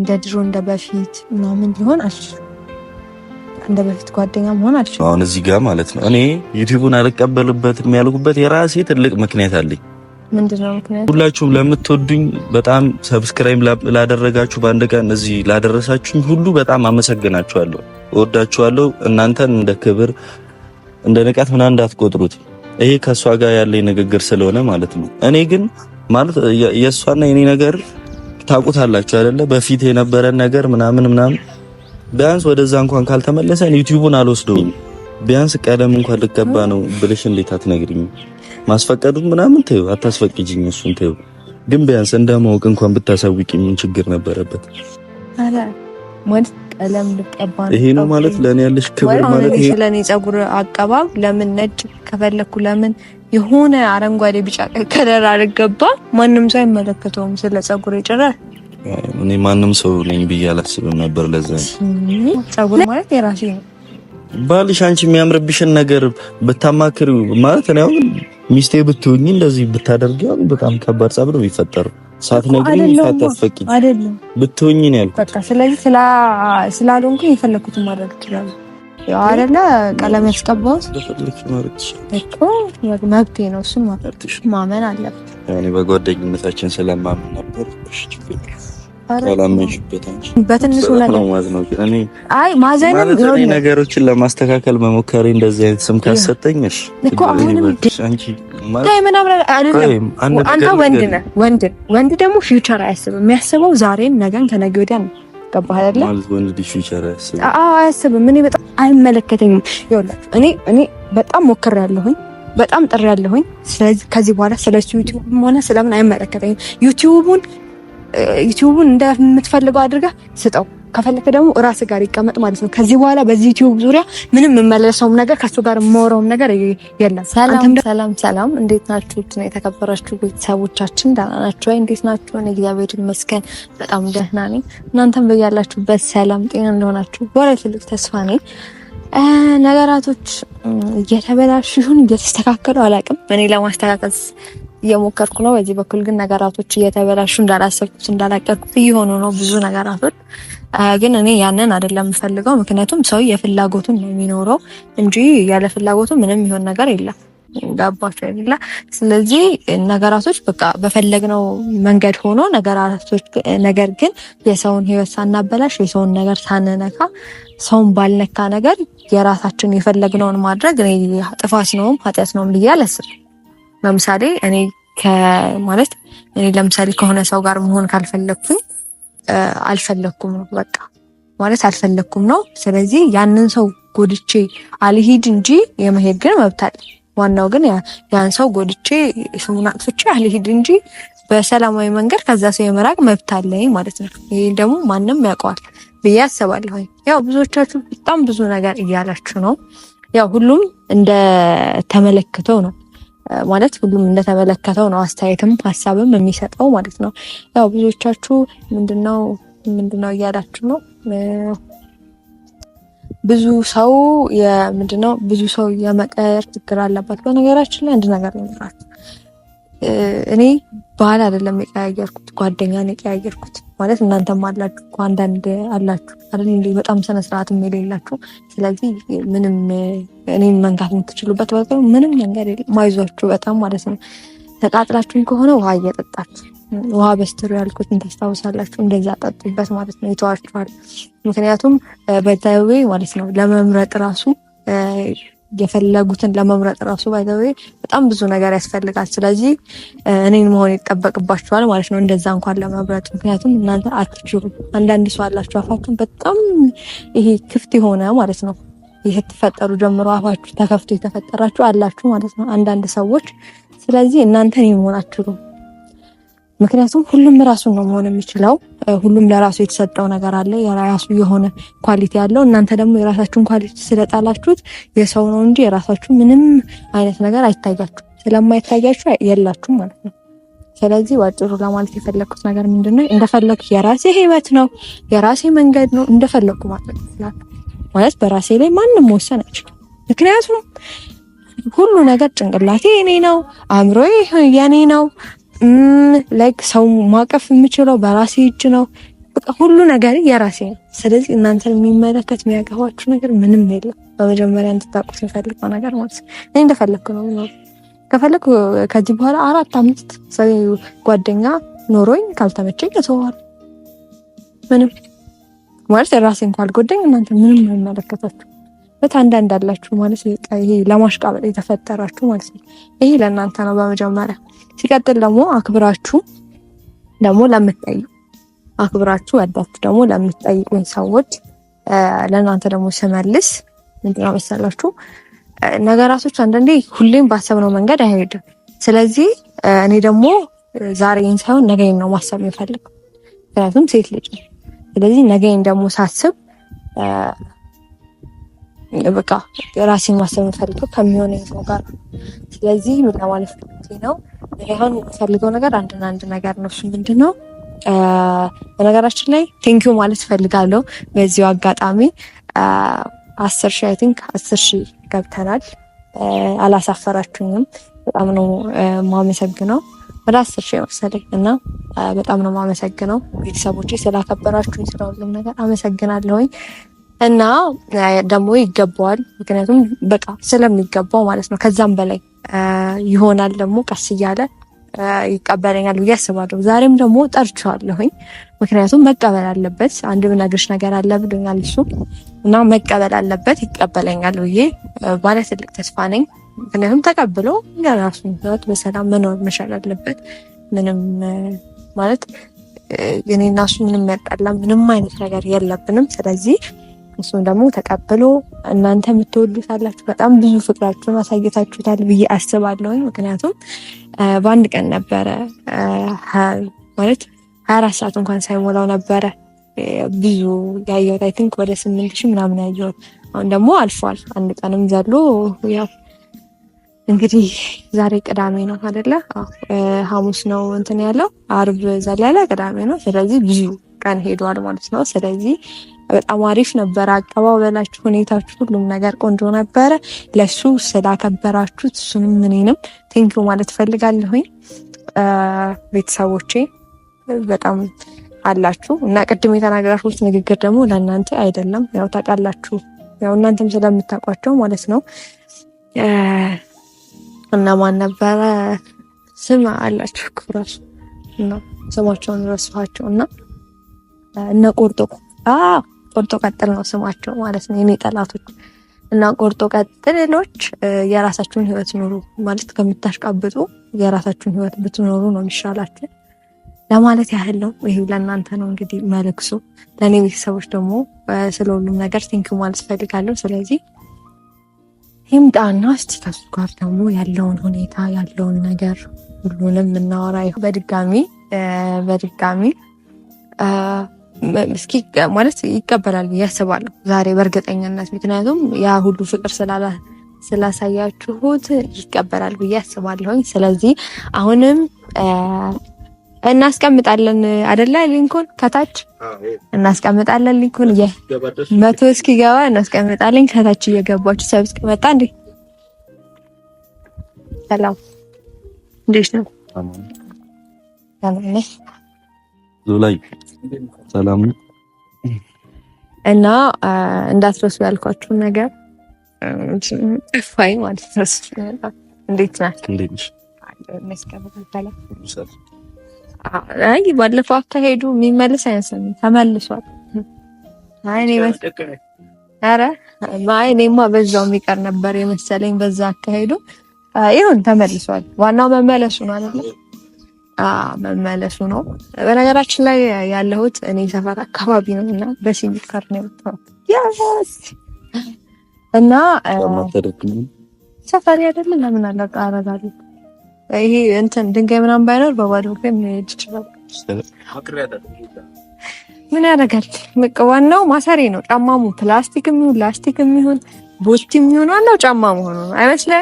እንደ ድሮ እንደ በፊት ምናምን ሊሆን አልችልም። እንደ በፊት ጓደኛ መሆን አልችልም። አሁን እዚህ ጋር ማለት ነው እኔ ዩቲዩቡን አልቀበልበትም ያልኩበት የራሴ ትልቅ ምክንያት አለኝ። ምንድነው ሁላችሁም ለምትወዱኝ በጣም ሰብስክራይብ ላደረጋችሁ፣ በአንድ ቀን እዚህ ላደረሳችሁኝ ሁሉ በጣም አመሰግናችኋለሁ፣ እወዳችኋለሁ። እናንተን እንደ ክብር እንደ ንቀት ምናምን እንዳትቆጥሩት። ይሄ ከእሷ ጋር ያለኝ ንግግር ስለሆነ ማለት ነው። እኔ ግን ማለት የእሷና የኔ ነገር ታውቁታላችሁ አይደለ? በፊት የነበረን ነገር ምናምን ምናምን ቢያንስ ወደዛ እንኳን ካልተመለሰን ዩቲዩቡን አልወስደውም። ቢያንስ ቀለም እንኳን ልቀባ ነው ብልሽ እንዴት አትነግሪኝ? ማስፈቀዱን ምናምን ተዩ፣ አታስፈቅጂኝ። እሱን ተዩ። ግን ቢያንስ እንደማወቅ እንኳን ብታሳውቂ ምን ችግር ነበረበት? ይሄ ነው ማለት ለእኔ ያለሽ ክብር ማለት ይሄ ለእኔ ፀጉር አቀባብ ለምን ነጭ ከፈለኩ ለምን የሆነ አረንጓዴ ቢጫ ከለር አልገባ ማንም ሰው አይመለከተውም። ስለ ጸጉር ይጭራል። እኔ ማንም ሰው ነኝ ብዬ አላስብም ነበር። ለዛ ጸጉር ማለት የራሴ ነው። ባልሽ አንቺ የሚያምርብሽን ነገር ብታማክሪው ማለት ነው። አሁን ሚስቴ ብትሆኚ እንደዚህ ብታደርጊ አሁን በጣም ከባድ ጸብ ነው የሚፈጠረው። ሳትነግሪኝ ሳታፈቂ ብትሆኚ ነው ያልኩት። በቃ ስለዚህ ስላልሆንኩኝ የፈለኩትን ማድረግ እችላለሁ። ያው አይደለ ቀለም ያስቀባሁት እኮ መብቴ ነው። እሱን ማመን አለብህ። እኔ በጓደኝነታችን ስለማመን ነበር። በትንሹ አይ ማዘንም ነገሮችን ለማስተካከል መሞከሬ እንደዚህ አይነት ስም ካሰጠኝ አንተ ወንድ ነህ። ወንድ ወንድ ደግሞ ፊውቸር አያስብም። የሚያስበው ዛሬን፣ ነገን፣ ከነገ ወዲያ ነው። ገባህ አይደለ? ወንድ ፊውቸር አያስብም። አይመለከተኝም። ይኸውላችሁ እኔ እኔ በጣም ያለሁኝ በጣም ያለሁኝ። ስለዚህ ከዚህ በኋላ ስለ ዩቲዩብም ሆነ ስለምን አይመለከተኝም። ዩቲዩቡን ዩቲዩቡን እንደምትፈልገው አድርጋ ስጠው። ከፈለከ ደግሞ ራስ ጋር ይቀመጥ ማለት ነው። ከዚህ በኋላ በዚህ ዩቲዩብ ዙሪያ ምንም የምመለሰውም ነገር ከሱ ጋር የማወራውም ነገር የለም። ሰላም ሰላም ሰላም፣ እንዴት ናችሁ? የተከበራችሁ ቤተሰቦቻችን ደህና ናችሁ ወይ? እንዴት ናችሁ? እኔ እግዚአብሔር ይመስገን በጣም ደህና ነኝ። እናንተም በያላችሁበት ሰላም ጤና እንደሆናችሁ ወላይ ትልቅ ተስፋ ነኝ። ነገራቶች እየተበላሹ ይሁን እየተስተካከሉ አላውቅም። እኔ ለማስተካከል እየሞከርኩ ነው። በዚህ በኩል ግን ነገራቶች እየተበላሹ እንዳላሰብኩት እንዳላቀርኩት እየሆኑ ነው ብዙ ነገራቶች። ግን እኔ ያንን አይደለም የምፈልገው። ምክንያቱም ሰው የፍላጎቱን ነው የሚኖረው እንጂ ያለ ፍላጎቱ ምንም ይሆን ነገር የለም። ጋባቸው አይደለ? ስለዚህ ነገራቶች በቃ በፈለግነው መንገድ ሆኖ ነገራቶች፣ ነገር ግን የሰውን ህይወት ሳናበላሽ የሰውን ነገር ሳንነካ ሰውን ባልነካ ነገር የራሳችን የፈለግነውን ማድረግ ጥፋት ነውም ኃጢአት ነውም ብዬ አላስብም። ለምሳሌ እኔ ማለት እኔ ለምሳሌ ከሆነ ሰው ጋር መሆን ካልፈለግኩኝ አልፈለግኩም ነው በቃ ማለት አልፈለግኩም ነው። ስለዚህ ያንን ሰው ጎድቼ አልሄድ እንጂ የመሄድ ግን መብታል። ዋናው ግን ያን ሰው ጎድቼ ስሙን አጥፍቼ አልሄድ እንጂ በሰላማዊ መንገድ ከዛ ሰው የመራቅ መብት አለኝ ማለት ነው። ይህ ደግሞ ማንም ያውቀዋል ብዬ አስባለሁ። ያው ብዙዎቻችሁ በጣም ብዙ ነገር እያላችሁ ነው። ያው ሁሉም እንደ ተመለክተው ነው ማለት ሁሉም እንደተመለከተው ነው አስተያየትም ሀሳብም የሚሰጠው ማለት ነው። ያው ብዙዎቻችሁ ምንድነው ምንድነው እያላችሁ ነው ብዙ ሰው ምንድነው ብዙ ሰው የመቀየር ችግር አለበት። በነገራችን ላይ አንድ ነገር ይኖራል እኔ ባህል አይደለም የቀያየርኩት፣ ጓደኛን የቀያየርኩት ማለት እናንተም አላችሁ እኮ አንዳንድ አላችሁ አይደል በጣም ስነ የሌላችሁ። ስለዚህ ምንም እኔን መንካት የምትችሉበት በ ምንም መንገድ ማይዟችሁ በጣም ማለት ነው። ተቃጥላችሁም ከሆነ ውሃ እየጠጣችሁ ውሃ በስትሮ ያልኩትን ታስታውሳላችሁ። እንደዛ ጠጡበት ማለት ነው፣ ይተዋችኋል። ምክንያቱም በዛ ማለት ነው ለመምረጥ ራሱ የፈለጉትን ለመምረጥ ራሱ ባይዘዌ በጣም ብዙ ነገር ያስፈልጋል። ስለዚህ እኔን መሆን ይጠበቅባችኋል ማለት ነው፣ እንደዛ እንኳን ለመምረጥ። ምክንያቱም እናንተ አትችሉ አንዳንድ ሰው አላችሁ አፋችሁን በጣም ይሄ ክፍት የሆነ ማለት ነው ይህ ትፈጠሩ ጀምሮ አፋችሁ ተከፍቶ የተፈጠራችሁ አላችሁ ማለት ነው አንዳንድ ሰዎች። ስለዚህ እናንተ እኔን መሆን አትችሉም፣ ምክንያቱም ሁሉም ራሱን ነው መሆን የሚችለው። ሁሉም ለራሱ የተሰጠው ነገር አለ፣ የራሱ የሆነ ኳሊቲ አለው። እናንተ ደግሞ የራሳችሁን ኳሊቲ ስለጣላችሁት የሰው ነው እንጂ የራሳችሁ ምንም አይነት ነገር አይታያችሁ። ስለማይታያችሁ የላችሁም ማለት ነው። ስለዚህ ባጭሩ ለማለት የፈለግኩት ነገር ምንድን ነው፣ እንደፈለግ የራሴ ህይወት ነው፣ የራሴ መንገድ ነው፣ እንደፈለግኩ ማለት ማለት በራሴ ላይ ማንም መወሰን አይችልም። ምክንያቱም ሁሉ ነገር ጭንቅላቴ የኔ ነው፣ አእምሮ የኔ ነው። ላይክ ሰው ማቀፍ የምችለው በራሴ እጅ ነው። በቃ ሁሉ ነገር የራሴ ነው። ስለዚህ እናንተን የሚመለከት የሚያቀፋችሁ ነገር ምንም የለም። በመጀመሪያ እንድታቁት የሚፈልገው ነገር ማለት ነው። እኔ እንደፈለግኩ ነው ከፈለግኩ ከዚህ በኋላ አራት አምስት ሰው ጓደኛ ኖሮኝ ካልተመቸኝ እተዋለሁ። ምንም ማለት ራሴ እንኳ አልጎደኝ እናንተ ምንም አይመለከታችሁ። በት አንዳንድ አላችሁ ማለት ይሄ ለማሽቃበጥ የተፈጠራችሁ ማለት ነው። ይሄ ለእናንተ ነው በመጀመሪያ ሲቀጥል ደግሞ አክብራችሁ ደግሞ ለምትጠይቁ አክብራችሁ ወዳችሁ ደግሞ ለምትጠይቁን ሰዎች ለእናንተ ደግሞ ስመልስ ምንድነው መሰላችሁ ነገራቶች አንዳንዴ ሁሌም ባሰብነው መንገድ አይሄድም። ስለዚህ እኔ ደግሞ ዛሬን ሳይሆን ነገኝ ነው ማሰብ የሚፈልግ ምክንያቱም ሴት ልጅ። ስለዚህ ነገኝ ደግሞ ሳስብ በቃ ራሴን ማሰብ የምፈልገው ከሚሆነኝ ሰው ጋር ስለዚህ ምን ለማለት ነው ይሁን የምፈልገው ነገር አንድና አንድ ነገር ነው። እሱ ምንድን ነው? በነገራችን ላይ ቴንኪዩ ማለት እፈልጋለሁ በዚሁ አጋጣሚ አስር ሺ አይ ቲንክ አስር ሺ ገብተናል። አላሳፈራችሁኝም። በጣም ነው የማመሰግነው። ወደ አስር ሺህ መሰለኝ እና በጣም ነው የማመሰግነው ቤተሰቦች ስላከበራችሁኝ ስለሁሉም ነገር አመሰግናለሁኝ። እና ደግሞ ይገባዋል። ምክንያቱም በቃ ስለሚገባው ማለት ነው። ከዛም በላይ ይሆናል ደግሞ ቀስ እያለ ይቀበለኛል ብዬ አስባለሁ። ዛሬም ደግሞ ጠርቼዋለሁኝ፣ ምክንያቱም መቀበል አለበት። አንድ ብነግርሽ ነገር አለ ብሎኛል እሱ እና መቀበል አለበት። ይቀበለኛል ብዬ ባለ ትልቅ ተስፋ ነኝ። ምክንያቱም ተቀብሎ የራሱ ህይወት በሰላም መኖር መሻል አለበት። ምንም ማለት እኔ እና እሱ ምንም ያጣላ ምንም አይነት ነገር የለብንም። ስለዚህ እሱም ደግሞ ተቀብሎ እናንተ የምትወዱት አላችሁ በጣም ብዙ ፍቅራችሁን አሳይታችሁታል ብዬ አስባለሁኝ። ምክንያቱም በአንድ ቀን ነበረ ማለት ሀያ አራት ሰዓት እንኳን ሳይሞላው ነበረ ብዙ ያየሁት። አይ ቲንክ ወደ ስምንት ሺህ ምናምን ያየሁት። አሁን ደግሞ አልፏል። አንድ ቀንም ዘሎ ያው እንግዲህ ዛሬ ቅዳሜ ነው አደለ? ሐሙስ ነው እንትን ያለው አርብ ዘላለ ቅዳሜ ነው። ስለዚህ ብዙ ቀን ሄዷል ማለት ነው። ስለዚህ በጣም አሪፍ ነበረ። አቀባበላችሁ፣ ሁኔታችሁ፣ ሁሉም ነገር ቆንጆ ነበረ። ለሱ ስላከበራችሁት እሱንም እኔንም ቴንኪው ማለት ፈልጋለሁኝ። ቤተሰቦቼ በጣም አላችሁ እና ቅድም የተናገራችሁት ንግግር ደግሞ ለእናንተ አይደለም፣ ያው ታውቃላችሁ፣ ያው እናንተም ስለምታውቋቸው ማለት ነው። እና ማን ነበረ ስም አላችሁ ክብራሱ እና ስማቸውን ረሳኋቸው እና እነ ቆርጦ ቆርጦ ቀጥል ነው ስማቸው ማለት ነው የኔ ጠላቶች እና ቆርጦ ቀጥሎች የራሳችሁን ህይወት ኑሩ ማለት ከምታሽቃብጡ የራሳችሁን ህይወት ብትኖሩ ነው የሚሻላችሁ ለማለት ያህል ነው። ይህ ለእናንተ ነው እንግዲህ መልክሱ። ለእኔ ቤተሰቦች ደግሞ ስለ ሁሉም ነገር ቲንክ ማለት ፈልጋለሁ። ስለዚህ ይምጣና እስቲ ከሱ ጋር ደግሞ ያለውን ሁኔታ ያለውን ነገር ሁሉንም እናወራ በድጋሚ በድጋሚ እስኪ ማለት ይቀበላል ብዬ አስባለሁ ዛሬ በእርግጠኝነት ምክንያቱም ያ ሁሉ ፍቅር ስላላ ስላሳያችሁት ይቀበላል ብዬ አስባለሁኝ። ስለዚህ አሁንም እናስቀምጣለን አደላ ሊንኩን ከታች እናስቀምጣለን። ሊንኩን መቶ እስኪገባ እናስቀምጣለን። ከታች እየገባችሁ ሰብ መጣ እንዴ ሰላም፣ እንዴት ነው? ላይ ሰላም እና እንዳትረሱ ያልኳችሁን ነገር ፋይ ማለት ረሱ። እንዴት ናል? ባለፈው አካሄዱ የሚመልስ አይመስለኝም። ተመልሷል። ኧረ እኔማ በዛው የሚቀር ነበር የመሰለኝ በዛ አካሄዱ። ይሁን ተመልሷል። ዋናው መመለሱ ማለት ነው። መመለሱ ነው። በነገራችን ላይ ያለሁት እኔ ሰፈር አካባቢ ነው እና በሲቪል ካር ነው የወጣሁት እና ሰፈር ያደለ ለምን አለቃ አረጋሉ ይሄ እንትን ድንጋይ ምናምን ባይኖር በባዶ እግሬ መሄድ ይችላል። ምን ያደርጋል? ዋናው ማሰሬ ነው። ጫማሙ ፕላስቲክ የሚሆን ላስቲክ የሚሆን ቦቲ የሚሆን ዋናው ጫማ መሆኑ አይመስለ።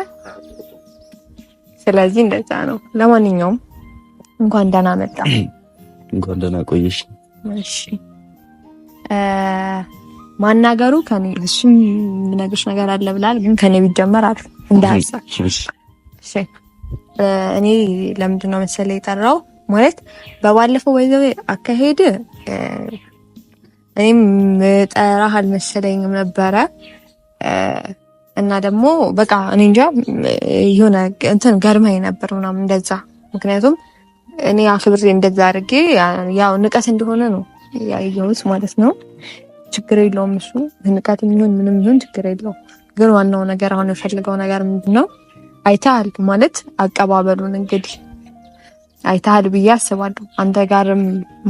ስለዚህ እንደዛ ነው። ለማንኛውም እንኳን ደህና መጣ። እንኳን ደህና ቆየሽ። እሺ ማናገሩ ከኔ እሱም የምነግርሽ ነገር አለ ብላል፣ ግን ከኔ ቢጀመር አለ እንደ ሀሳብ። እሺ እኔ ለምንድን ነው መሰለ የጠራው ማለት በባለፈው ወይዘው አካሄድ እኔም ጠራህ አልመሰለኝም ነበረ እና ደግሞ በቃ እኔ እንጃ የሆነ እንትን ገርመኝ ነበር ምናምን እንደዛ ምክንያቱም እኔ አክብሬ እንደዛ አድርጌ ያው ንቀት እንደሆነ ነው ያየሁት ማለት ነው። ችግር የለውም እሱ ንቀት የሚሆን ምንም ይሁን ችግር የለውም። ግን ዋናው ነገር አሁን የፈልገው ነገር ምንድን ነው? አይተሃል ማለት አቀባበሉን እንግዲህ አይተሃል ብዬ አስባለሁ። አንተ ጋርም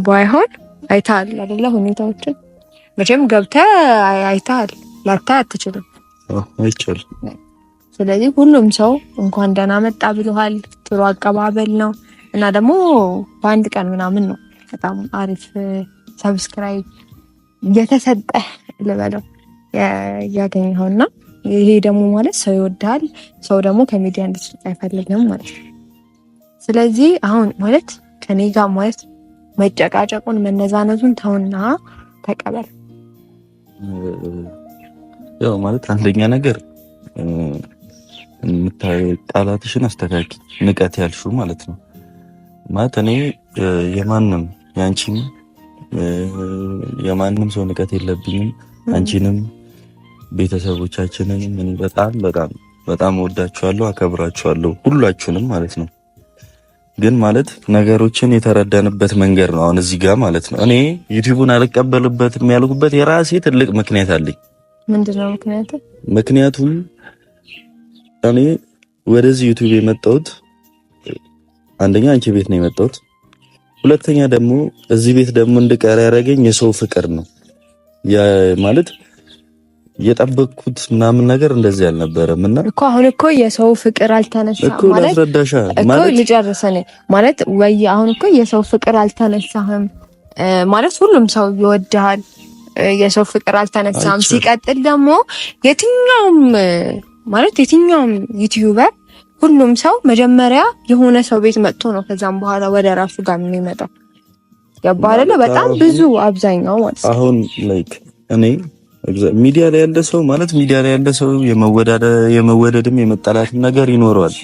ባይሆን አይተሃል አይደለ? ሁኔታዎችን መቼም ገብተህ አይተሃል፣ ላታይ አትችልም፣ አይቻልም። ስለዚህ ሁሉም ሰው እንኳን ደህና መጣ ብሎሃል። ጥሩ አቀባበል ነው። እና ደግሞ በአንድ ቀን ምናምን ነው በጣም አሪፍ ሰብስክራይብ የተሰጠህ ልበለው ያገኘኸው እና ይሄ ደግሞ ማለት ሰው ይወድሃል። ሰው ደግሞ ከሚዲያ እንድትርቅ አይፈልግም ማለት ነው። ስለዚህ አሁን ማለት ከኔ ጋር ማለት መጨቃጨቁን መነዛነቱን ተውና ተቀበል። ያው ማለት አንደኛ ነገር ጣላትሽን አስተካኪ ንቀት ያልሹ ማለት ነው ማለት እኔ የማንም የአንቺም የማንም ሰው ንቀት የለብኝም። አንቺንም ቤተሰቦቻችንን ምን በጣም በጣም በጣም ወዳችኋለሁ፣ አከብራችኋለሁ ሁላችሁንም ማለት ነው። ግን ማለት ነገሮችን የተረዳንበት መንገድ ነው አሁን እዚህ ጋር ማለት ነው። እኔ ዩቲዩቡን አልቀበልበት የሚያልኩበት የራሴ ትልቅ ምክንያት አለኝ። ምንድነው ምክንያቱ? ምክንያቱም እኔ ወደዚህ ዩቲዩብ የመጣሁት አንደኛ አንቺ ቤት ነው የመጣሁት። ሁለተኛ ደግሞ እዚህ ቤት ደግሞ እንድቀር ያደረገኝ የሰው ፍቅር ነው ማለት የጠበቅኩት ምናምን ነገር እንደዚህ አልነበረም። እና እኮ አሁን እኮ የሰው ፍቅር አልተነሳ እኮ ላስረዳሻ ማለት እኮ ልጨርሰን ማለት ወይ አሁን እኮ የሰው ፍቅር አልተነሳህም ማለት ሁሉም ሰው ይወድሃል። የሰው ፍቅር አልተነሳም። ሲቀጥል ደግሞ የትኛውም ማለት የትኛውም ዩቲዩበር ሁሉም ሰው መጀመሪያ የሆነ ሰው ቤት መጥቶ ነው ከዛም በኋላ ወደ ራሱ ጋር የሚመጣው። ገባ በጣም ብዙ አብዛኛው ማለት አሁን ላይክ እኔ ሚዲያ ላይ ያለ ሰው ማለት ሚዲያ ላይ ያለ ሰው የመወደድም የመጠላትም ነገር ይኖረዋል።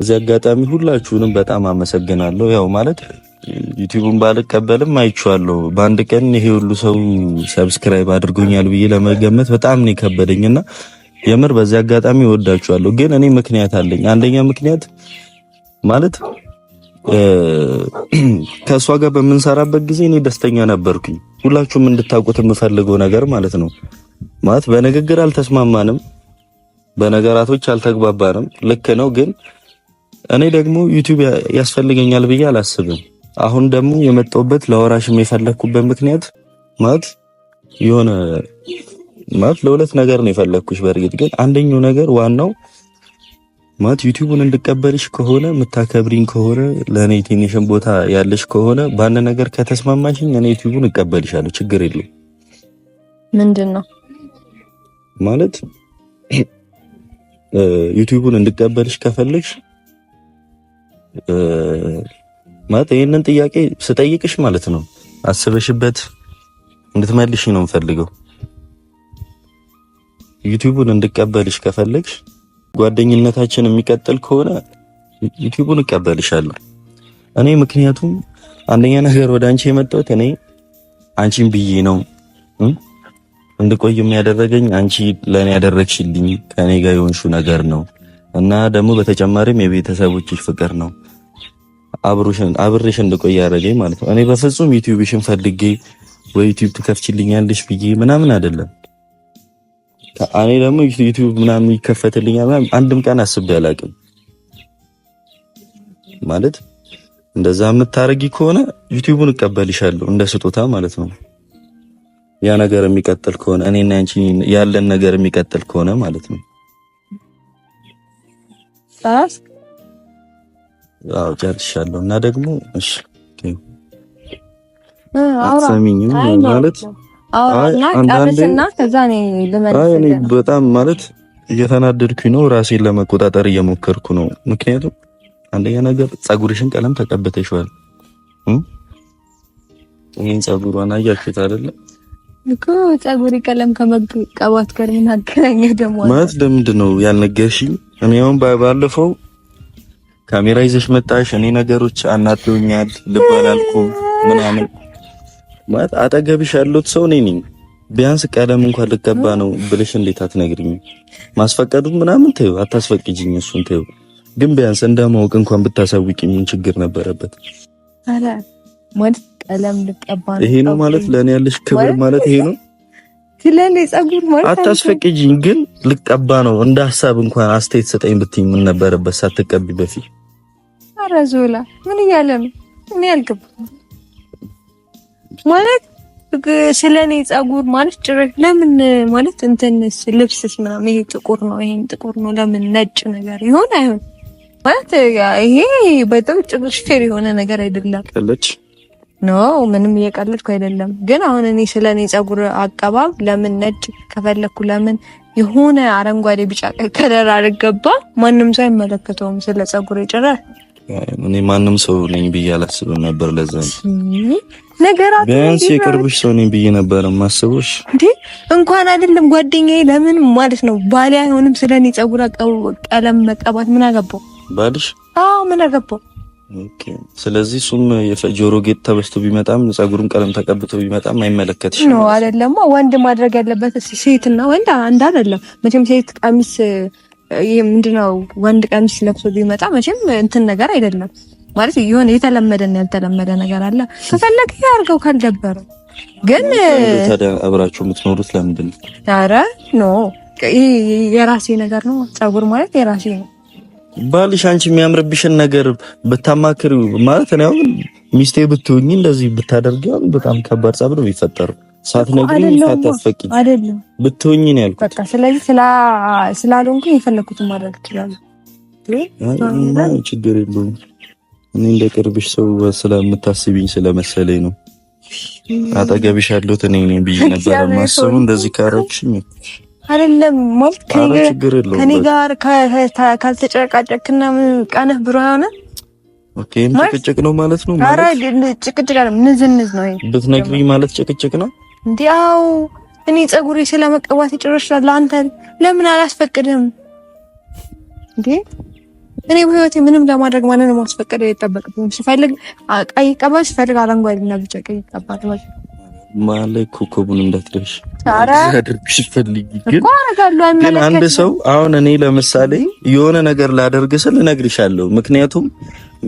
እዚህ አጋጣሚ ሁላችሁንም በጣም አመሰግናለሁ። ያው ማለት ዩቲዩብን ባልቀበልም አይቼዋለሁ። በአንድ ቀን ይሄ ሁሉ ሰው ሰብስክራይብ አድርጎኛል ብዬ ለመገመት በጣም ነው የከበደኝና የምር በዚህ አጋጣሚ ወዳችኋለሁ፣ ግን እኔ ምክንያት አለኝ። አንደኛ ምክንያት ማለት ከእሷ ጋር በምንሰራበት ጊዜ እኔ ደስተኛ ነበርኩኝ። ሁላችሁም እንድታውቁት የምፈልገው ነገር ማለት ነው ማለት በንግግር አልተስማማንም፣ በነገራቶች አልተግባባንም። ልክ ነው። ግን እኔ ደግሞ ዩቲዩብ ያስፈልገኛል ብዬ አላስብም። አሁን ደግሞ የመጣሁበት ለወራሽም የፈለግኩበት ምክንያት ማለት የሆነ ማለት ለሁለት ነገር ነው የፈለግኩሽ። በእርግጥ ግን አንደኛው ነገር ዋናው ማለት ዩቲዩቡን እንድቀበልሽ ከሆነ የምታከብሪኝ ከሆነ ለእኔ ቴኔሽን ቦታ ያለሽ ከሆነ በአንድ ነገር ከተስማማሽኝ እኔ ዩቲዩቡን እቀበልሻለሁ፣ ችግር የለውም። ምንድን ነው ማለት ዩቲዩቡን እንድቀበልሽ ከፈለግሽ ማለት ይህንን ጥያቄ ስጠይቅሽ ማለት ነው አስበሽበት እንድትመልሽ ነው የምፈልገው። ዩቲዩቡን እንድቀበልሽ ከፈለግሽ ጓደኝነታችን የሚቀጥል ከሆነ ዩቲዩቡን እቀበልሻለሁ። እኔ ምክንያቱም አንደኛ ነገር ወደ አንቺ የመጣሁት እኔ አንቺን ብዬ ነው። እንድቆይም ያደረገኝ አንቺ ለእኔ ያደረግሽልኝ ከእኔ ጋር የሆንሽው ነገር ነው እና ደግሞ በተጨማሪም የቤተሰቦችሽ ፍቅር ነው አብሩሽን አብሬሽ እንድቆይ ያደረገኝ ማለት ነው። እኔ በፍጹም ዩቲዩብሽን ፈልጌ ወይ ዩቲዩብ ትከፍችልኛለሽ ብዬ ምናምን አይደለም። እኔ ደግሞ ዩቲዩብ ምናምን ይከፈትልኛል ምናምን አንድም ቀን አስቤ አላውቅም። ማለት እንደዛ የምታረጊ ከሆነ ዩቲዩቡን እቀበልሻለሁ እንደ ስጦታ ማለት ነው። ያ ነገር የሚቀጥል ከሆነ እኔና አንቺ ያለን ነገር የሚቀጥል ከሆነ ማለት ነው። ታስ አዎ ጨርሻለሁ እና ደግሞ እሺ አትሰሚኝም ማለት ነው በጣም ማለት እየተናደድኩኝ ነው። ራሴን ለመቆጣጠር እየሞከርኩ ነው። ምክንያቱም አንደኛ ነገር ፀጉርሽን ቀለም ተቀብተሽዋል። ይህን ፀጉሯን አያችሁት አይደለ? እኮ ፀጉሪ ቀለም ከመቀባት ጋር ምን አገናኘ? ደግሞ ማለት ለምንድን ነው ያልነገርሽኝ? እኔ አሁን ባለፈው ካሜራ ይዘሽ መጣሽ። እኔ ነገሮች አናጥሉኛል ልባል አልኩ ምናምን ማለት አጠገብሽ ያለሁት ሰው እኔ ነኝ። ቢያንስ ቀለም እንኳን ልቀባ ነው ብልሽ እንዴት አትነግሪኝ? ማስፈቀዱ ምናምን ተይው፣ አታስፈቅጅኝ። እሱን ተይው፣ ግን ቢያንስ እንደማወቅ እንኳን ብታሳውቂኝ ምን ችግር ነበረበት? ይሄ ነው ማለት ለእኔ ያለሽ ክብር ማለት ይሄ ነው። አታስፈቅጅኝ፣ ግን ልቀባ ነው እንደ ሀሳብ እንኳን አስተያየት ሰጠኝ ብትይ ምን ነበረበት? ሳትቀቢ በፊት ኧረ ዞላ ምን እያለ ነው? እኔ አልገባም ማለት ስለኔ ጸጉር ማለት ጭራሽ ለምን ማለት እንትንስ ልብስስ ምናምን ይሄ ጥቁር ነው ይሄን ጥቁር ነው ለምን ነጭ ነገር ይሆን አይሆን ማለት ይሄ በጣም ጭራሽ ፌር የሆነ ነገር አይደለም። ቀለች ኖ ምንም እየቀለድኩ አይደለም። ግን አሁን እኔ ስለኔ ጸጉር አቀባብ ለምን ነጭ ከፈለኩ ለምን የሆነ አረንጓዴ ቢጫ ከለር አድርገባ ማንም ሰው አይመለከተውም ስለ ጸጉር ጭራሽ እኔ ማንም ሰው ነኝ ብዬ አላስብም ነበር። ለዛ ነገራት ቢያንስ የቅርብሽ ሰው ነኝ ብዬ ነበር ማስቦሽ። እንዴ እንኳን አይደለም ጓደኛዬ፣ ለምን ማለት ነው ባሌ አይሆንም። ስለኔ ጸጉር ቀለም መቀባት ምን አገባው? ባልሽ? አዎ ምን አገባው? ኦኬ። ስለዚህ እሱም የጆሮ ጌጥ ተበስቶ ቢመጣም ጸጉሩም ቀለም ተቀብቶ ቢመጣም አይመለከትሽ ነው አይደለም? ወንድ ማድረግ ያለበት ሴትና ወንድ አንድ አይደለም መቼም ሴት ቀሚስ ይሄ ምንድነው ወንድ ቀሚስ ለብሶ ቢመጣ መቼም እንትን ነገር አይደለም ማለት የሆነ የተለመደና ያልተለመደ ነገር አለ። ከፈለገ ያርገው ካልደበረ ግን ታዲያ አብራችሁ የምትኖሩት ለምንድን ነው? ኧረ ኖ የራሴ ነገር ነው። ፀጉር ማለት የራሴ ነው። ባልሽ አንቺ የሚያምርብሽን ነገር ብታማክሪው ማለት ነው። ሚስቴ ብትሆኚ እንደዚህ ብታደርጊው በጣም ከባድ ፀብ ነው የሚፈጠረው። ሳትነግሪኝ ሳታስፈቅጂ አይደለም ብትሆኚ ነው ያልኩት። በቃ ስለዚህ ስላ ስላልሆንኩኝ የፈለግኩትን ማድረግ እችላለሁ። ችግር የለውም። እኔ እንደ ቅርብሽ ሰው ስለምታስቢኝ ስለመሰለኝ ነው አጠገብሽ ያለሁት እኔ ነኝ ብዬ ነበር ማስቡ። እንደዚህ ካረችኝ አይደለም ማለት ከኔ ጋር ካልተጨቃጨክና ቀነህ ብሮ የሆነ ኦኬ ጭቅጭቅ ነው ማለት ነው። ጭቅጭቅ ንዝንዝ ነው ብትነግሪኝ ማለት ጭቅጭቅ ነው። እንዲያው እኔ ጸጉሬ ስለመቀባት ጭራሽ ለአንተ ለምን አላስፈቅድም እንዴ? እኔ በህይወቴ ምንም ለማድረግ ማንንም ማስፈቀድ አይጠበቅብኝም። ስፈልግ ቀይ ቀባ፣ ስፈልግ እና ቢጫ ቀይ ቀባ። መሀል ላይ ኮከቡን እንዳትደርሽ አድርግሽ ፈልጊ። ግን ግን አንድ ሰው አሁን እኔ ለምሳሌ የሆነ ነገር ላደርግ ስል እነግርሻለሁ፣ ምክንያቱም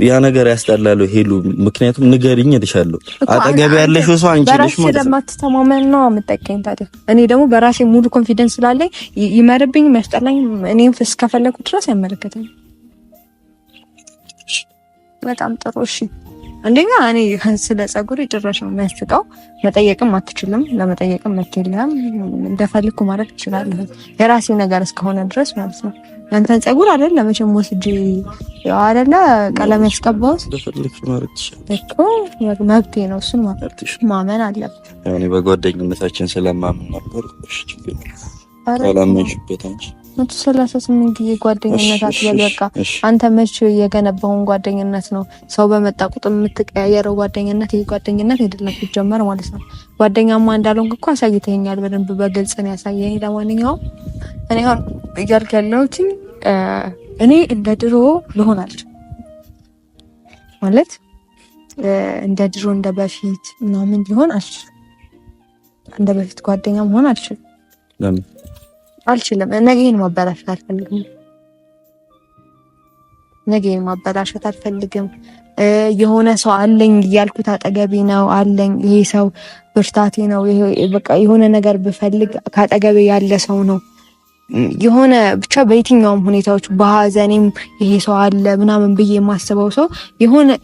ያ ነገር ያስጠላለሁ ሄሉ፣ ምክንያቱም ንገሪኝ እልሻለሁ። አጠገብ ያለሽ ሰው አንቺ ነሽ ማለት ነው። ማተማመን ነው የምጠቀኝ። ታዲያ እኔ ደግሞ በራሴ ሙሉ ኮንፊደንስ ስላለኝ ይመርብኝ፣ ያስጠላኝ እኔም እስከፈለኩ ድረስ ያመለከተኝ በጣም ጥሩ። እሺ አንደኛ እኔ ስለ ጸጉር ጭራሽ ነው የሚያስቀው። መጠየቅም አትችልም፣ ለመጠየቅም የለም እንደፈልኩ ማለት እችላለሁ። የራሴ ነገር እስከሆነ ድረስ ማለት ነው። ያንተን ጸጉር አይደለ መቼም ወስጄ ያው አይደለ ቀለም ያስቀባሁት መብቴ ነው። እሱን ማመን አለብህ። በጓደኝነታችን ስለማምን ነበር ቀለም አንቺ መቶ ሰላሳ ስምንት ጊዜ ጓደኝነት አትበል። በቃ አንተ መቼ የገነባውን ጓደኝነት ነው? ሰው በመጣ ቁጥር የምትቀያየረው ጓደኝነት ይህ ጓደኝነት አይደለም ሲጀመር ማለት ነው። ጓደኛማ እንዳልሆንክ እኮ አሳይተኸኛል በደንብ በግልጽ ነው ያሳየኝ። ለማንኛውም እኔ አሁን እያልክ ያለሁት እኔ እንደ ድሮ ልሆናል ማለት እንደ ድሮ እንደ በፊት ምናምን ሊሆን አልችልም። እንደ በፊት ጓደኛ መሆን አልችልም። አልችልም። ነገን ማበላሽ አልፈልግም። ነገን ማበላሸት አልፈልግም። የሆነ ሰው አለኝ እያልኩት አጠገቤ ነው አለኝ። ይሄ ሰው ብርታቴ ነው። በቃ የሆነ ነገር ብፈልግ ካጠገቤ ያለ ሰው ነው። የሆነ ብቻ በየትኛውም ሁኔታዎች በሀዘኔም ይሄ ሰው አለ ምናምን ብዬ የማስበው ሰው የሆነ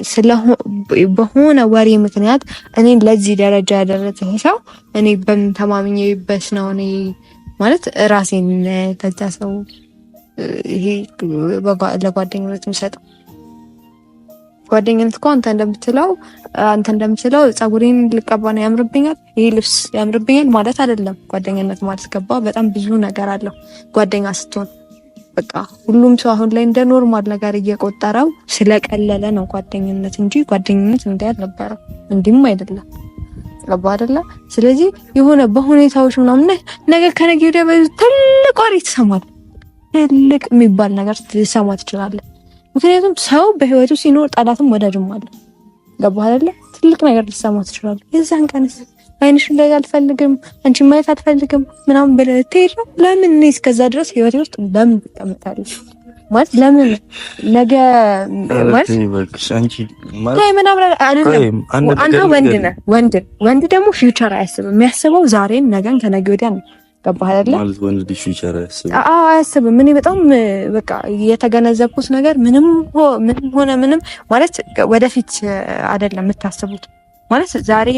በሆነ ወሬ ምክንያት እኔን ለዚህ ደረጃ ያደረሰ ሰው እኔ በምን ተማምኜበት ነው እኔ ማለት ራሴን ለዛ ሰው ይሄ ለጓደኝነት የምሰጠው ጓደኝነት እኮ አንተ እንደምትለው አንተ እንደምትለው ጸጉሬን ልቀባ ነው ያምርብኛል፣ ይሄ ልብስ ያምርብኛል ማለት አይደለም። ጓደኝነት ማለት ገባ በጣም ብዙ ነገር አለው። ጓደኛ ስትሆን በቃ ሁሉም ሰው አሁን ላይ እንደ ኖርማል ነገር እየቆጠረው ስለቀለለ ነው ጓደኝነት እንጂ ጓደኝነት እንዲህ አልነበረም፣ እንዲህም አይደለም። ገባ አይደለ? ስለዚህ የሆነ በሁኔታዎች ምናምን ነገ ከነገ ወዲያ ትልቅ ወሬ ትሰማል። ትልቅ የሚባል ነገር ልሰማ ትችላለ። ምክንያቱም ሰው በህይወቱ ሲኖር ጠላትም ወዳጅም አለ። ገባ አይደለ? ትልቅ ነገር ልሰማ ትችላለ። የዛን ቀንስ አይንሽ ላይ አልፈልግም፣ አንቺ ማየት አልፈልግም ምናምን ብለህ ትሄድ ነው። ለምን እኔ እስከዛ ድረስ ህይወቴ ውስጥ ለምን ትቀምጣለሽ? ማለት ለምን ነገ ማለት አንተ ወንድ ነህ። ወንድ ወንድ ደግሞ ፊውቸር አያስብም። የሚያስበው ዛሬን፣ ነገን ከነገ ወዲያን ነው። ገባህ አይደለ? አያስብም። እኔ በጣም በቃ የተገነዘብኩት ነገር ምንም ሆነ ምንም ማለት ወደፊት አይደለም የምታስቡት ማለት ዛሬ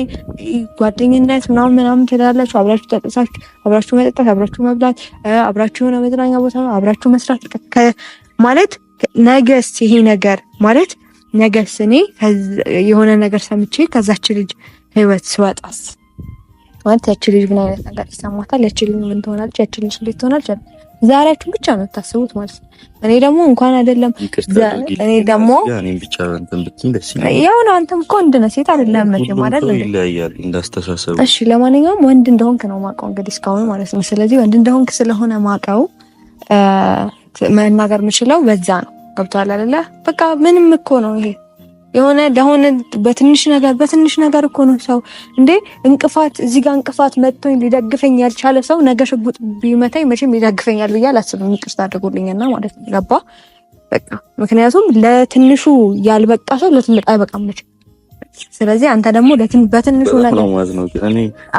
ጓደኝነት ምናምን ምናምን ትላላችሁ። አብራችሁ ጠጥሳችሁ፣ አብራችሁ መጠጣት፣ አብራችሁ መብላት፣ አብራችሁ የሆነ መዝናኛ ቦታ፣ አብራችሁ መስራት ማለት ነገስ ይሄ ነገር ማለት ነገስ እኔ የሆነ ነገር ሰምቼ ከዛች ልጅ ህይወት ስወጣስ ማለት ያች ልጅ ምን አይነት ነገር ይሰማታል? ያች ልጅ ምን ትሆናለች? ያች ልጅ እንዴት ትሆናለች? ዛሬያችሁን ብቻ ነው የምታስቡት ማለት ነው። እኔ ደግሞ እንኳን አይደለም እኔ ደግሞ ያው ነው። አንተም እኮ ወንድ ነህ፣ ሴት አይደለም መቼም እሺ፣ ለማንኛውም ወንድ እንደሆንክ ነው ማውቀው እንግዲህ እስካሁን ማለት ነው። ስለዚህ ወንድ እንደሆንክ ስለሆነ ማቀው። መናገር የምችለው በዛ ነው። ገብቷል አይደለ? በቃ ምንም እኮ ነው ይሄ የሆነ ለሆነ በትንሽ ነገር በትንሽ ነገር እኮ ነው ሰው እንዴ እንቅፋት እዚህ ጋር እንቅፋት መጥቶኝ ሊደግፈኝ ያልቻለ ሰው ነገ ሽጉጥ ቢመታኝ መቼም ሊደግፈኛል ብዬ አላስብም። ይቅርታ አድርጉልኝና ማለት ነው ገባ በቃ ምክንያቱም ለትንሹ ያልበቃ ሰው ለትልቅ አይበቃም መቼም ስለዚህ አንተ ደግሞ በትንሹ ነገር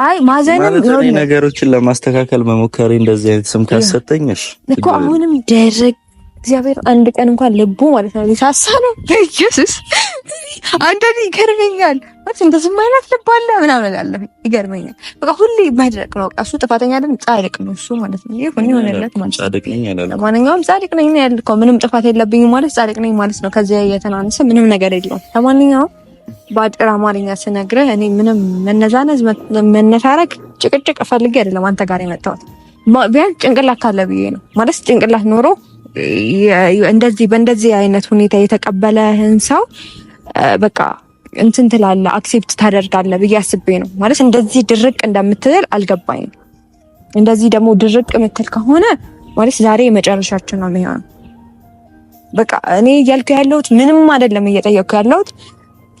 አይ ማዘንም ነገሮችን ለማስተካከል መሞከሪ እንደዚህ አይነት ስም ካሰጠኝሽ እኮ አሁንም ደረግ እግዚአብሔር አንድ ቀን እንኳን ልቡ ማለት ነው ሊሳሳ ነው። ኢየሱስ አንዳንዴ ይገርመኛል። ማለት እንደ ዝም አይነት ልብ አለ ምናምን አለ ይገርመኛል። በቃ ሁሌ ማድረቅ ነው። እሱ ጥፋተኛ አይደለም፣ ጻድቅ ነው እሱ ማለት ነው። ይሄ ሁኔ ሆነለት ማለት ጻድቅ ነኝ ያለ ለማንኛውም ጻድቅ ነኝ ያልከው ምንም ጥፋት የለብኝም ማለት ጻድቅ ነኝ ማለት ነው። ከዚያ የተናነሰ ምንም ነገር የለውም። ለማንኛውም በአጭር አማርኛ ስነግርህ እኔ ምንም መነዛነዝ፣ መነታረቅ፣ ጭቅጭቅ ፈልጌ አይደለም አንተ ጋር የመጣሁት። ቢያንስ ጭንቅላት ካለ ብዬ ነው ማለት ጭንቅላት ኖሮ እንደዚህ በእንደዚህ አይነት ሁኔታ የተቀበለህን ሰው በቃ እንትን ትላለህ፣ አክሴፕት ታደርጋለህ ብዬ አስቤ ነው ማለት። እንደዚህ ድርቅ እንደምትል አልገባኝም። እንደዚህ ደግሞ ድርቅ ምትል ከሆነ ማለት ዛሬ የመጨረሻችን ነው የሚሆነው። በቃ እኔ እያልኩ ያለሁት ምንም አይደለም፣ እየጠየኩ ያለሁት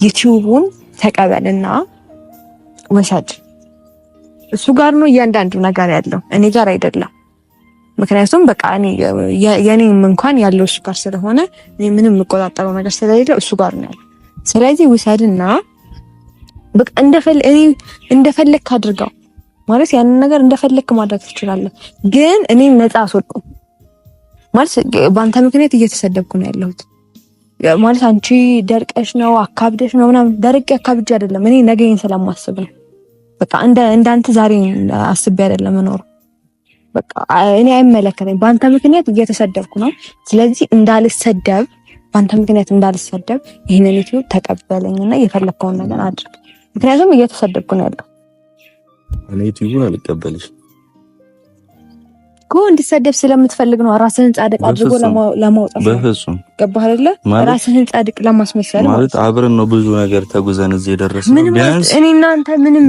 ዩቲዩቡን ተቀበልና ወሰድ። እሱ ጋር ነው እያንዳንዱ ነገር ያለው፣ እኔ ጋር አይደለም። ምክንያቱም በቃ የኔም እንኳን ያለው እሱ ጋር ስለሆነ እኔ ምንም የምቆጣጠረው ነገር ስለሌለ እሱ ጋር ነው ያለው። ስለዚህ ውሰድና በቃ እንደፈለክ አድርገው ማለት ያንን ነገር እንደፈለክ ማድረግ ትችላለህ፣ ግን እኔ ነፃ አስወጣው ማለት በአንተ ምክንያት እየተሰደብኩ ነው ያለሁት። ማለት አንቺ ደርቀሽ ነው አካብደሽ ነው ምናምን፣ ደርቄ አካብጄ አይደለም። እኔ ነገዬን ስለማስብ ነው። በቃ እንደ እንዳንተ ዛሬ አስቤ አይደለም እኖር። በቃ እኔ አይመለከተኝ። በአንተ ምክንያት እየተሰደብኩ ነው። ስለዚህ እንዳልሰደብ፣ በአንተ ምክንያት እንዳልሰደብ ይህንን ዩቲዩብ ተቀበለኝና እየፈለግከውን ነገር አድርግ። ምክንያቱም እየተሰደብኩ ነው ያለው። እኔ ዩቲዩብን አልቀበልሽ እኮ እንዲሰደብ ስለምትፈልግ ነው። ራስህን ጻድቅ አድርጎ ለማውጣት በፍጹም ገባህ አይደለ? ራስህን ጻድቅ ለማስመሰል ማለት አብረን ነው ብዙ ነገር ተጉዘን እዚህ የደረስነው። ምንም እኔ እናንተ ምንም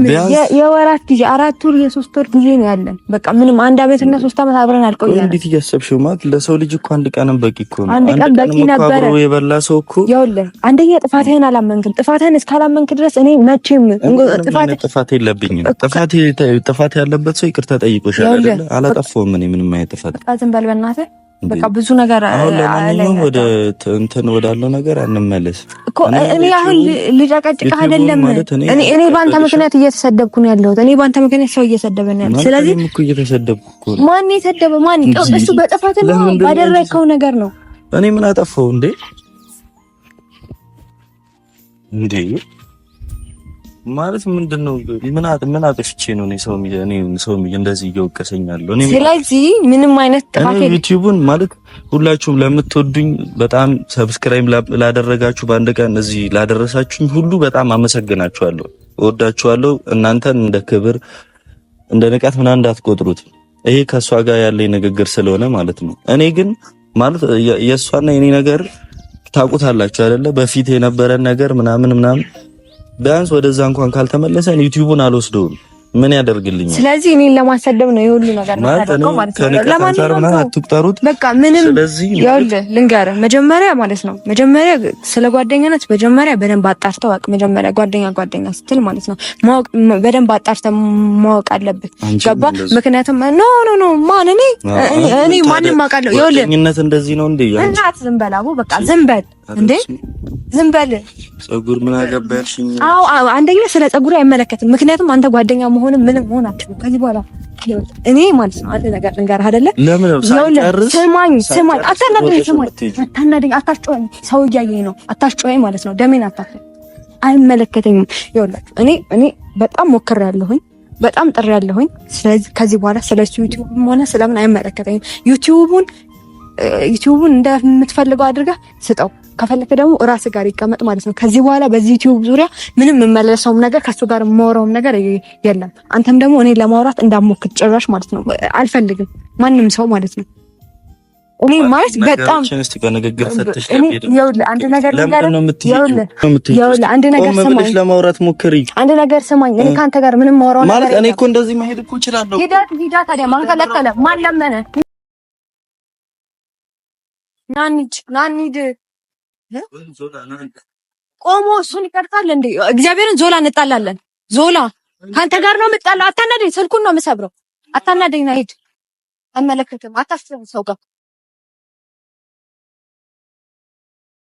የወራት ጊዜ አራት ወር የሶስት ወር ጊዜ ነው ያለን። በቃ ምንም አንድ አመት እና ሶስት አመት አብረን አልቆየንም። እንዴት እያሰብሽው ማለት ለሰው ልጅ እኮ አንድ ቀንም በቂ እኮ ነው። አንድ ቀን በቂ ነበር። አብሮ የበላ ሰው እኮ ይኸውልህ፣ አንደኛ ጥፋትህን አላመንክም። ጥፋትህን እስካላመንክ ድረስ እኔ መቼም ጥፋት ጥፋት የለብኝም። ጥፋት ጥፋት ያለበት ሰው ይቅርታ ጠይቆሻል አይደል? አላጠፋሁም እኔ ምንም አይነት ጥፋት ቃልም በልበናተ በቃ ብዙ ነገር አሁን ለማንኛውም ወደ እንትን ወዳለው ነገር አንመለስ እኮ እኔ አሁን ልጨቀጭቅህ አይደለም። እኔ እኔ ባንተ ምክንያት እየተሰደብኩ ነው ያለሁት። እኔ ባንተ ምክንያት ሰው እየሰደበ ነው ያለው። ስለዚህ እኮ እየተሰደብኩ እኮ ነው። ማን የሰደበ ማን? እሱ በጥፋት ነው ባደረግከው ነገር ነው። እኔ ምን አጠፋው እንዴ? እንዴ ማለት ምንድን ነው? ምን አጥፍቼ ነው ሰው እንደዚህ እየወቀሰኝ ያለው? ስለዚህ ምንም አይነት ጥፋት ዩቲዩቡን ማለት ሁላችሁም ለምትወዱኝ በጣም ሰብስክራይብ ላደረጋችሁ፣ በአንድ ቀን እዚህ ላደረሳችሁኝ ሁሉ በጣም አመሰግናችኋለሁ፣ እወዳችኋለሁ። እናንተን እንደ ክብር እንደ ንቀት ምናምን እንዳትቆጥሩት። ይሄ ከእሷ ጋር ያለኝ ንግግር ስለሆነ ማለት ነው። እኔ ግን ማለት የእሷና የኔ ነገር ታውቁታላችሁ አይደለ? በፊት የነበረን ነገር ምናምን ምናምን ቢያንስ ወደዛ እንኳን ካልተመለሰን ዩቲዩቡን አልወስደውም። ምን ያደርግልኛል? ስለዚህ እኔን ለማሰደብ ነው የሁሉ ነገር ነው ማለት ነው። ለማንኛውም አትቁጠሩት በቃ ምንም። ይኸውልህ ልንገርህ፣ መጀመሪያ ማለት ነው መጀመሪያ ስለ ጓደኛነት መጀመሪያ በደንብ አጣርተው አውቅ። መጀመሪያ ጓደኛ ጓደኛ ስትል ማለት ነው ማወቅ በደንብ አጣርተው ማወቅ አለብህ። ገባህ? ምክንያቱም ኖ ኖ ኖ ማን እኔ እኔ ማንም አውቃለሁ። ይኸውልህ እንደዚህ ነው እንዴ? እናት ዝም በል በቃ ዝም በል እንዴ ዝም በል። ጸጉር ምን አገባሽኝ? አዎ አዎ፣ አንደኛ ስለ ፀጉር አይመለከትም። ምክንያቱም አንተ ጓደኛ መሆን ምንም መሆን አትችልም ከዚህ በኋላ እኔ ማለት ነው አንድ ነገር ልንገርህ አይደለ? ስማኝ ስማኝ፣ አታናደኝ፣ ስማኝ፣ አታናደኝ፣ አታስጮኸኝ። ሰው እያየኝ ነው፣ አታስጮኸኝ ማለት ነው። ደሜን አታፍል። አይመለከተኝም። ይኸውላችሁ እኔ እኔ በጣም ሞክሬያለሁኝ በጣም ጥሬያለሁኝ። ስለዚህ ከዚህ በኋላ ስለ ዩቲዩብም ሆነ ስለምን አይመለከተኝም። ዩቲዩቡን ዩቲዩቡን እንደምትፈልገው አድርገህ ስጠው። ከፈለከ ደግሞ ራስ ጋር ይቀመጥ ማለት ነው። ከዚህ በኋላ በዚህ ዩቲዩብ ዙሪያ ምንም የምመለሰውም ነገር ከሱ ጋር የማወራውም ነገር የለም። አንተም ደግሞ እኔ ለማውራት እንዳሞክር ጭራሽ ማለት ነው። አልፈልግም ማንም ሰው ማለት ነው። እኔ ማለት በጣም አንድ ነገር ለማውራት ሞክሪ። አንድ ነገር ስማኝ። እኔ ከአንተ ጋር ምንም ማውራት ማለት እኔ እኮ እንደዚህ መሄድ እኮ እችላለሁ። ሂዳት ሂዳት። ታዲያ ማን ከለከለ? ማን ለመነ? ናኒድ ናኒድ ቆሞ እሱን ይቀርጣል እንዴ? እግዚአብሔርን ዞላ እንጣላለን። ዞላ ከአንተ ጋር ነው የምጣለው። አታናደኝ። ስልኩን ነው የምሰብረው። አታናደኝ። ና ሂድ። አይመለከትም። አታስብ ሰው ጋር